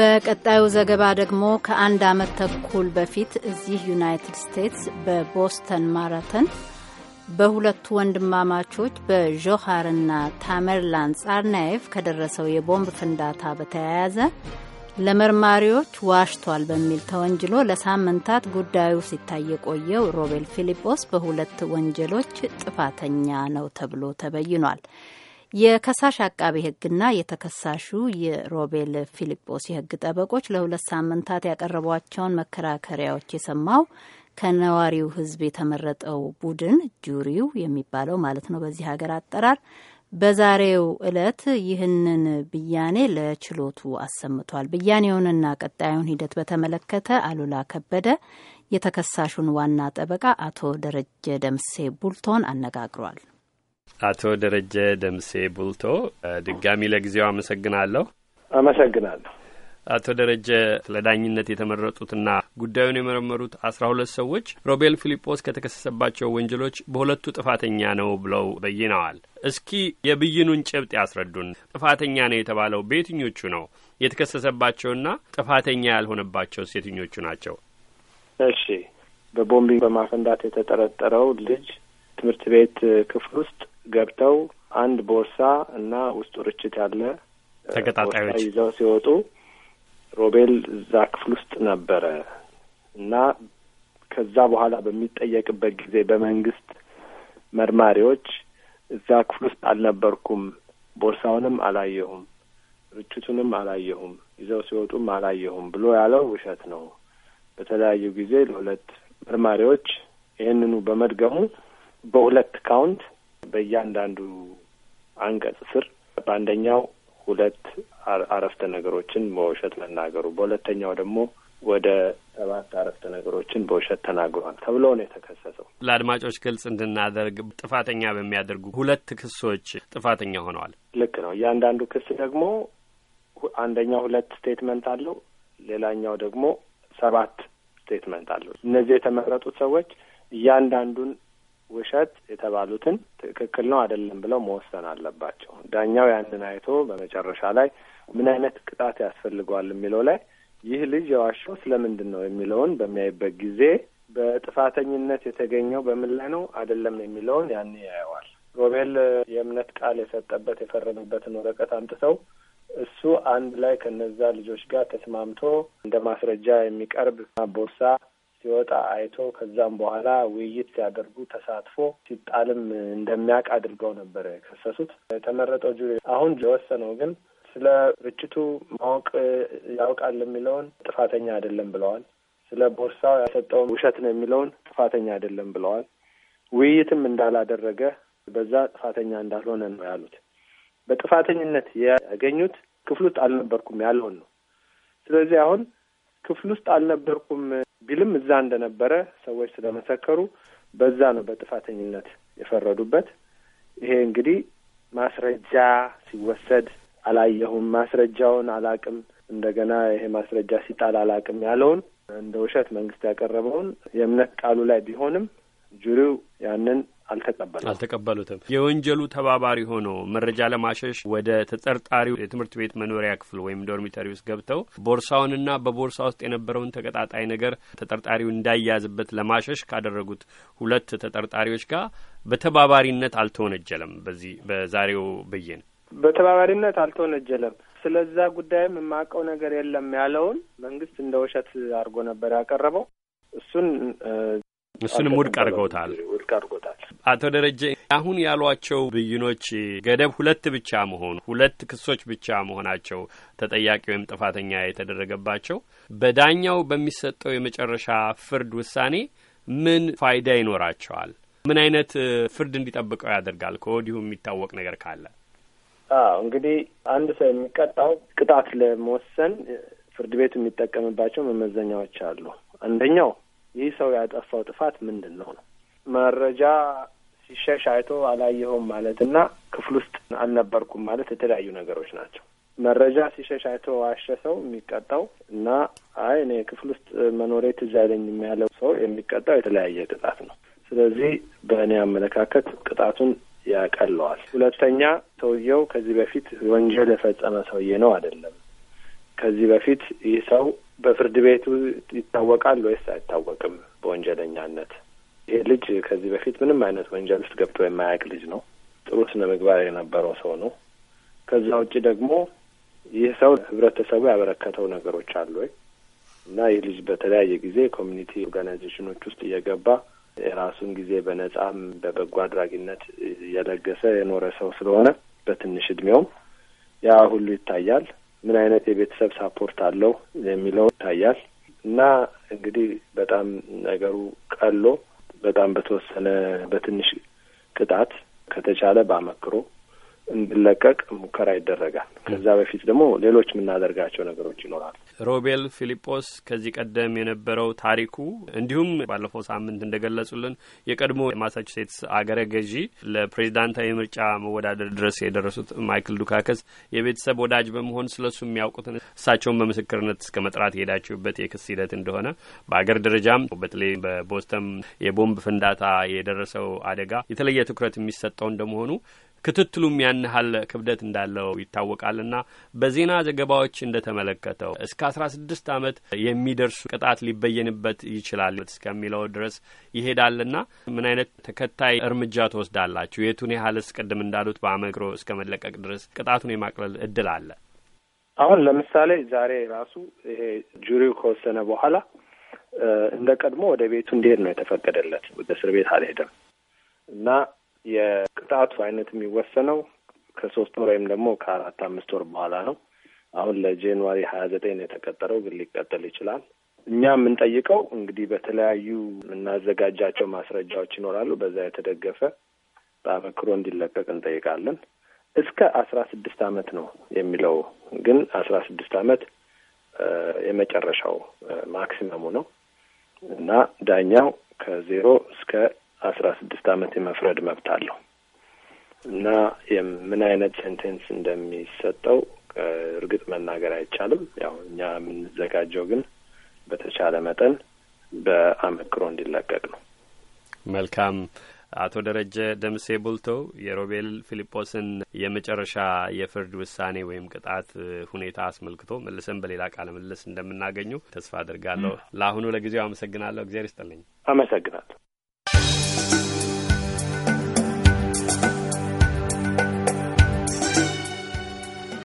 በቀጣዩ ዘገባ ደግሞ ከአንድ ዓመት ተኩል በፊት እዚህ ዩናይትድ ስቴትስ በቦስተን ማራተን በሁለቱ ወንድማማቾች በዦሃርና ታመርላን ጻርናኤቭ ከደረሰው የቦምብ ፍንዳታ በተያያዘ ለመርማሪዎች ዋሽቷል በሚል ተወንጅሎ ለሳምንታት ጉዳዩ ሲታይ የቆየው ሮቤል ፊሊጶስ በሁለት ወንጀሎች ጥፋተኛ ነው ተብሎ ተበይኗል። የከሳሽ አቃቤ ሕግና የተከሳሹ የሮቤል ፊሊጶስ የሕግ ጠበቆች ለሁለት ሳምንታት ያቀረቧቸውን መከራከሪያዎች የሰማው ከነዋሪው ሕዝብ የተመረጠው ቡድን ጁሪው የሚባለው ማለት ነው በዚህ ሀገር አጠራር በዛሬው ዕለት ይህንን ብያኔ ለችሎቱ አሰምቷል። ብያኔውንና ቀጣዩን ሂደት በተመለከተ አሉላ ከበደ የተከሳሹን ዋና ጠበቃ አቶ ደረጀ ደምሴ ቡልቶን አነጋግሯል። አቶ ደረጀ ደምሴ ቡልቶ ድጋሚ ለጊዜው አመሰግናለሁ። አመሰግናለሁ። አቶ ደረጀ ለዳኝነት የተመረጡትና ጉዳዩን የመረመሩት አስራ ሁለት ሰዎች ሮቤል ፊሊጶስ ከተከሰሰባቸው ወንጀሎች በሁለቱ ጥፋተኛ ነው ብለው በይነዋል። እስኪ የብይኑን ጭብጥ ያስረዱን። ጥፋተኛ ነው የተባለው በየትኞቹ ነው? የተከሰሰባቸውና ጥፋተኛ ያልሆነባቸው የትኞቹ ናቸው? እሺ፣ በቦምቢ በማፈንዳት የተጠረጠረው ልጅ ትምህርት ቤት ክፍል ውስጥ ገብተው አንድ ቦርሳ እና ውስጡ ርችት ያለ ተቀጣጣዮች ይዘው ሲወጡ ሮቤል እዛ ክፍል ውስጥ ነበረ እና ከዛ በኋላ በሚጠየቅበት ጊዜ በመንግስት መርማሪዎች እዛ ክፍል ውስጥ አልነበርኩም፣ ቦርሳውንም አላየሁም፣ ርችቱንም አላየሁም፣ ይዘው ሲወጡም አላየሁም ብሎ ያለው ውሸት ነው። በተለያዩ ጊዜ ለሁለት መርማሪዎች ይህንኑ በመድገሙ በሁለት ካውንት በእያንዳንዱ አንቀጽ ስር በአንደኛው ሁለት አረፍተ ነገሮችን በውሸት መናገሩ፣ በሁለተኛው ደግሞ ወደ ሰባት አረፍተ ነገሮችን በውሸት ተናግሯል ተብሎ ነው የተከሰሰው። ለአድማጮች ግልጽ እንድናደርግ ጥፋተኛ በሚያደርጉ ሁለት ክሶች ጥፋተኛ ሆነዋል። ልክ ነው። እያንዳንዱ ክስ ደግሞ አንደኛው ሁለት ስቴትመንት አለው፣ ሌላኛው ደግሞ ሰባት ስቴትመንት አለው። እነዚህ የተመረጡት ሰዎች እያንዳንዱን ውሸት የተባሉትን ትክክል ነው አይደለም ብለው መወሰን አለባቸው። ዳኛው ያንን አይቶ በመጨረሻ ላይ ምን አይነት ቅጣት ያስፈልገዋል የሚለው ላይ ይህ ልጅ የዋሸው ስለምንድን ነው የሚለውን በሚያይበት ጊዜ በጥፋተኝነት የተገኘው በምን ላይ ነው አይደለም የሚለውን ያን ያየዋል። ሮቤል የእምነት ቃል የሰጠበት የፈረመበትን ወረቀት አምጥተው እሱ አንድ ላይ ከነዛ ልጆች ጋር ተስማምቶ እንደ ማስረጃ የሚቀርብ ቦርሳ ሲወጣ አይቶ ከዛም በኋላ ውይይት ሲያደርጉ ተሳትፎ ሲጣልም እንደሚያውቅ አድርገው ነበር የከሰሱት። የተመረጠው ጁሪ አሁን የወሰነው ግን ስለ ርችቱ ማወቅ ያውቃል የሚለውን ጥፋተኛ አይደለም ብለዋል። ስለ ቦርሳው ያሰጠውን ውሸት ነው የሚለውን ጥፋተኛ አይደለም ብለዋል። ውይይትም እንዳላደረገ በዛ ጥፋተኛ እንዳልሆነ ነው ያሉት። በጥፋተኝነት ያገኙት ክፍል ውስጥ አልነበርኩም ያለውን ነው። ስለዚህ አሁን ክፍል ውስጥ አልነበርኩም ቢልም እዛ እንደነበረ ሰዎች ስለመሰከሩ በዛ ነው በጥፋተኝነት የፈረዱበት። ይሄ እንግዲህ ማስረጃ ሲወሰድ አላየሁም፣ ማስረጃውን አላቅም፣ እንደገና ይሄ ማስረጃ ሲጣል አላቅም ያለውን እንደ ውሸት መንግስት ያቀረበውን የእምነት ቃሉ ላይ ቢሆንም ጁሪው ያንን አልተቀበሉም አልተቀበሉትም። የወንጀሉ ተባባሪ ሆኖ መረጃ ለማሸሽ ወደ ተጠርጣሪው የትምህርት ቤት መኖሪያ ክፍል ወይም ዶርሚተሪ ውስጥ ገብተው ቦርሳውንና በቦርሳ ውስጥ የነበረውን ተቀጣጣይ ነገር ተጠርጣሪው እንዳያዝበት ለማሸሽ ካደረጉት ሁለት ተጠርጣሪዎች ጋር በተባባሪነት አልተወነጀለም። በዚህ በዛሬው ብይን በተባባሪነት አልተወነጀለም። ስለዛ ጉዳይም የማውቀው ነገር የለም ያለውን መንግስት እንደ ውሸት አድርጎ ነበር ያቀረበው። እሱን እሱንም ውድቅ አድርገውታል ውድቅ አድርጎታል። አቶ ደረጀ አሁን ያሏቸው ብይኖች ገደብ ሁለት ብቻ መሆኑ ሁለት ክሶች ብቻ መሆናቸው ተጠያቂ ወይም ጥፋተኛ የተደረገባቸው በዳኛው በሚሰጠው የመጨረሻ ፍርድ ውሳኔ ምን ፋይዳ ይኖራቸዋል? ምን አይነት ፍርድ እንዲጠብቀው ያደርጋል? ከወዲሁ የሚታወቅ ነገር ካለ አዎ እንግዲህ አንድ ሰው የሚቀጣው ቅጣት ለመወሰን ፍርድ ቤቱ የሚጠቀምባቸው መመዘኛዎች አሉ። አንደኛው ይህ ሰው ያጠፋው ጥፋት ምንድን ነው ነው መረጃ ሲሸሽ አይቶ አላየሁም ማለት እና ክፍል ውስጥ አልነበርኩም ማለት የተለያዩ ነገሮች ናቸው። መረጃ ሲሸሽ አይቶ ዋሸ ሰው የሚቀጣው እና አይ እኔ ክፍል ውስጥ መኖሬ ትዝ አይለኝም ያለው ሰው የሚቀጣው የተለያየ ቅጣት ነው። ስለዚህ በእኔ አመለካከት ቅጣቱን ያቀለዋል። ሁለተኛ ሰውየው ከዚህ በፊት ወንጀል የፈጸመ ሰውዬ ነው አይደለም። ከዚህ በፊት ይህ ሰው በፍርድ ቤቱ ይታወቃል ወይስ አይታወቅም? በወንጀለኛነት ይህ ልጅ ከዚህ በፊት ምንም አይነት ወንጀል ውስጥ ገብቶ የማያውቅ ልጅ ነው። ጥሩ ስነ ምግባር የነበረው ሰው ነው። ከዛ ውጭ ደግሞ ይህ ሰው ህብረተሰቡ ያበረከተው ነገሮች አሉ ወይ እና ይህ ልጅ በተለያየ ጊዜ ኮሚኒቲ ኦርጋናይዜሽኖች ውስጥ እየገባ የራሱን ጊዜ በነጻም በበጎ አድራጊነት እየለገሰ የኖረ ሰው ስለሆነ በትንሽ እድሜውም ያ ሁሉ ይታያል። ምን አይነት የቤተሰብ ሳፖርት አለው የሚለው ይታያል። እና እንግዲህ በጣም ነገሩ ቀሎ በጣም በተወሰነ በትንሽ ቅጣት ከተቻለ በአመክሮ እንድለቀቅ ሙከራ ይደረጋል። ከዛ በፊት ደግሞ ሌሎች የምናደርጋቸው ነገሮች ይኖራሉ። ሮቤል ፊሊጶስ ከዚህ ቀደም የነበረው ታሪኩ እንዲሁም ባለፈው ሳምንት እንደገለጹልን የቀድሞ የማሳቹሴትስ አገረ ገዢ ለፕሬዚዳንታዊ ምርጫ መወዳደር ድረስ የደረሱት ማይክል ዱካከስ የቤተሰብ ወዳጅ በመሆን ስለ እሱ የሚያውቁትን እሳቸውን በምስክርነት እስከ መጥራት የሄዳችሁበት የክስ ሂደት እንደሆነ በአገር ደረጃም በተለይ በቦስተን የቦምብ ፍንዳታ የደረሰው አደጋ የተለየ ትኩረት የሚሰጠው እንደመሆኑ ክትትሉም ያን ክብደት እንዳለው ይታወቃልና በዜና ዘገባዎች እንደተመለከተው እስከ አስራ ስድስት አመት የሚደርሱ ቅጣት ሊበየንበት ይችላል እስከሚለው ድረስ ይሄዳልና ምን አይነት ተከታይ እርምጃ ትወስዳላችሁ? የቱን ያህልስ ቅድም እንዳሉት በአመክሮ እስከ መለቀቅ ድረስ ቅጣቱን የማቅለል እድል አለ? አሁን ለምሳሌ ዛሬ ራሱ ይሄ ጁሪው ከወሰነ በኋላ እንደ ቀድሞ ወደ ቤቱ እንዲሄድ ነው የተፈቀደለት። ወደ እስር ቤት አልሄደም እና የቅጣቱ አይነት የሚወሰነው ከሶስት ወር ወይም ደግሞ ከአራት አምስት ወር በኋላ ነው። አሁን ለጃንዋሪ ሀያ ዘጠኝ ነው የተቀጠረው፣ ግን ሊቀጥል ይችላል። እኛ የምንጠይቀው እንግዲህ በተለያዩ የምናዘጋጃቸው ማስረጃዎች ይኖራሉ። በዛ የተደገፈ በአመክሮ እንዲለቀቅ እንጠይቃለን። እስከ አስራ ስድስት አመት ነው የሚለው ግን አስራ ስድስት አመት የመጨረሻው ማክሲመሙ ነው እና ዳኛው ከዜሮ እስከ አስራ ስድስት ዓመት የመፍረድ መብት አለው እና ምን አይነት ሴንቴንስ እንደሚሰጠው እርግጥ መናገር አይቻልም። ያው እኛ የምንዘጋጀው ግን በተቻለ መጠን በአመክሮ እንዲለቀቅ ነው። መልካም። አቶ ደረጀ ደምሴ ቡልቶ የሮቤል ፊሊጶስን የመጨረሻ የፍርድ ውሳኔ ወይም ቅጣት ሁኔታ አስመልክቶ መልሰን በሌላ ቃለ ምልልስ እንደምናገኙ ተስፋ አድርጋለሁ። ለአሁኑ ለጊዜው አመሰግናለሁ። እግዚአብሔር ይስጥልኝ። አመሰግናለሁ።